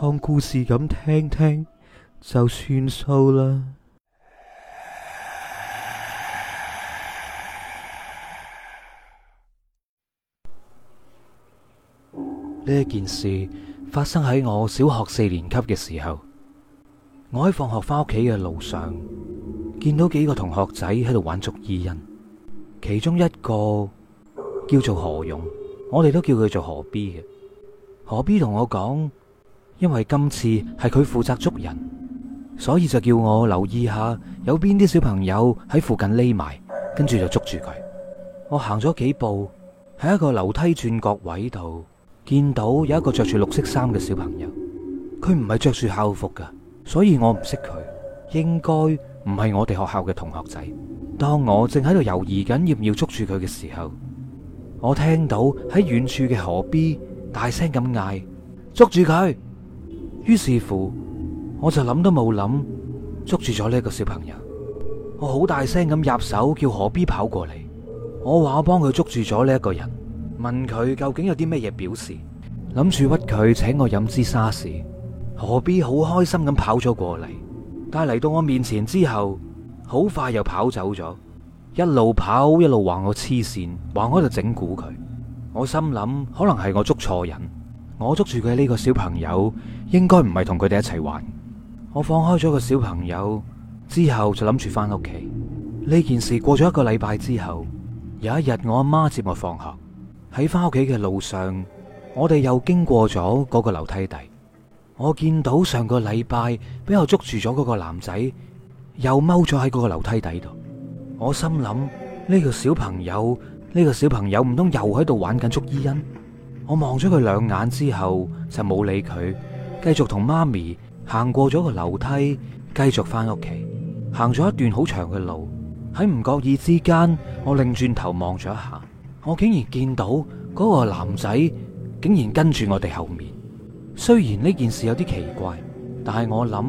當故事咁聽聽就算數啦。呢件事發生喺我小學四年級嘅時候，我喺放學翻屋企嘅路上，見到幾個同學仔喺度玩捉伊人，其中一個叫做何勇，我哋都叫佢做何必嘅。何必同我講。因為今次係佢負責捉人，所以就叫我留意下有邊啲小朋友喺附近匿埋，跟住就捉住佢。我行咗幾步，喺一個樓梯轉角位度見到有一個着住綠色衫嘅小朋友。佢唔係着住校服噶，所以我唔識佢，應該唔係我哋學校嘅同學仔。當我正喺度猶豫緊要唔要捉住佢嘅時候，我聽到喺遠處嘅河邊大聲咁嗌：捉住佢！於是乎，我就諗都冇諗，捉住咗呢一個小朋友。我好大聲咁入手，叫何必跑過嚟。我話我幫佢捉住咗呢一個人，問佢究竟有啲咩嘢表示，諗住屈佢請我飲支沙士。何必好開心咁跑咗過嚟，但係嚟到我面前之後，好快又跑走咗，一路跑一路話我黐線，話我度整蠱佢。我心諗可能係我捉錯人。我捉住嘅呢個小朋友應該唔係同佢哋一齊玩，我放開咗個小朋友之後就諗住翻屋企。呢件事過咗一個禮拜之後，有一日我阿媽接我放學，喺翻屋企嘅路上，我哋又經過咗嗰個樓梯底，我見到上個禮拜俾我捉住咗嗰個男仔又踎咗喺嗰個樓梯底度，我心諗呢個小朋友呢個小朋友唔通又喺度玩緊捉伊人？我望咗佢兩眼之後，就冇理佢，繼續同媽咪行過咗個樓梯，繼續翻屋企。行咗一段好長嘅路，喺唔覺意之間，我擰轉頭望咗一下，我竟然見到嗰個男仔竟然跟住我哋後面。雖然呢件事有啲奇怪，但係我諗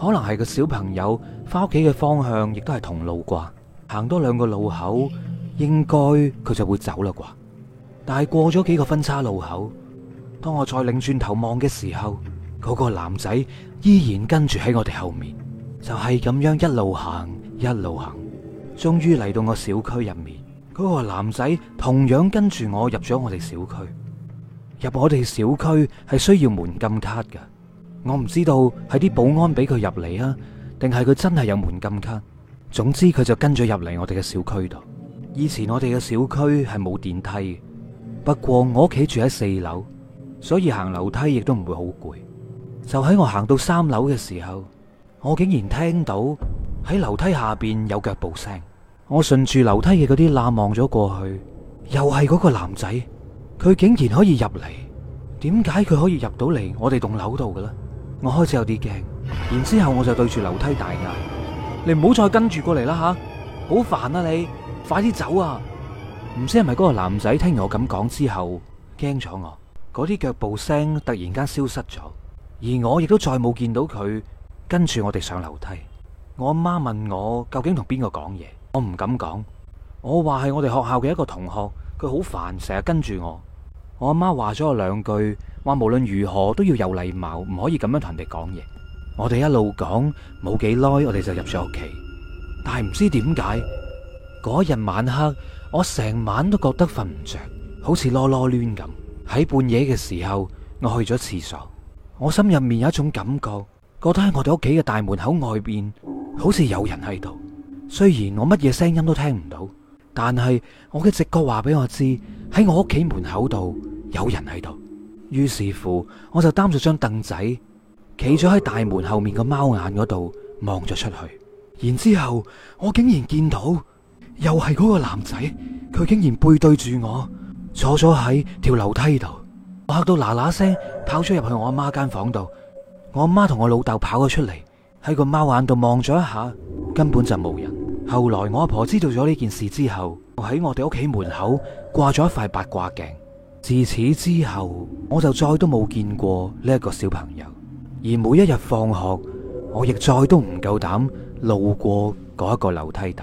可能係個小朋友翻屋企嘅方向亦都係同路啩，行多兩個路口，應該佢就會走啦啩。但係過咗幾個分岔路口，當我再擰轉頭望嘅時候，嗰個男仔依然跟住喺我哋後面，就係咁樣一路行一路行，終於嚟到我小區入面。嗰個男仔同樣跟住我入咗我哋小區。入我哋小區係需要門禁卡嘅，我唔知道係啲保安俾佢入嚟啊，定係佢真係有門禁卡。總之佢就跟咗入嚟我哋嘅小區度。以前我哋嘅小區係冇電梯。不過我屋企住喺四樓，所以行樓梯亦都唔會好攰。就喺我行到三樓嘅時候，我竟然聽到喺樓梯下邊有腳步聲。我順住樓梯嘅嗰啲欄望咗過去，又係嗰個男仔。佢竟然可以入嚟，點解佢可以入到嚟我哋棟樓度嘅咧？我開始有啲驚，然之後我就對住樓梯大嗌：「你唔好再跟住過嚟啦吓，好煩啊你！快啲走啊！唔知係咪嗰個男仔聽我咁講之後驚咗我，嗰啲腳步聲突然間消失咗，而我亦都再冇見到佢跟住我哋上樓梯。我阿媽問我究竟同邊個講嘢，我唔敢講，我話係我哋學校嘅一個同學，佢好煩，成日跟住我。我阿媽話咗我兩句，話無論如何都要有禮貌，唔可以咁樣同人哋講嘢。我哋一路講冇幾耐，我哋就入咗屋企。但係唔知點解。嗰日晚黑，我成晚都覺得瞓唔着，好似囉囉攣咁。喺半夜嘅時候，我去咗廁所，我心入面有一種感覺，覺得喺我哋屋企嘅大門口外邊，好似有人喺度。雖然我乜嘢聲音都聽唔到，但係我嘅直覺話俾我知，喺我屋企門口度有人喺度。於是乎，我就擔住張凳仔，企咗喺大門後面嘅貓眼嗰度望咗出去。然之後，我竟然見到。又係嗰個男仔，佢竟然背對住我坐咗喺條樓梯度，我嚇到嗱嗱聲跑咗入去我阿媽間房度。我阿媽同我老豆跑咗出嚟，喺個貓眼度望咗一下，根本就冇人。後來我阿婆知道咗呢件事之後，喺我哋屋企門口掛咗一塊八卦鏡。自此之後，我就再都冇見過呢一個小朋友，而每一日放學，我亦再都唔夠膽路過嗰一個樓梯底。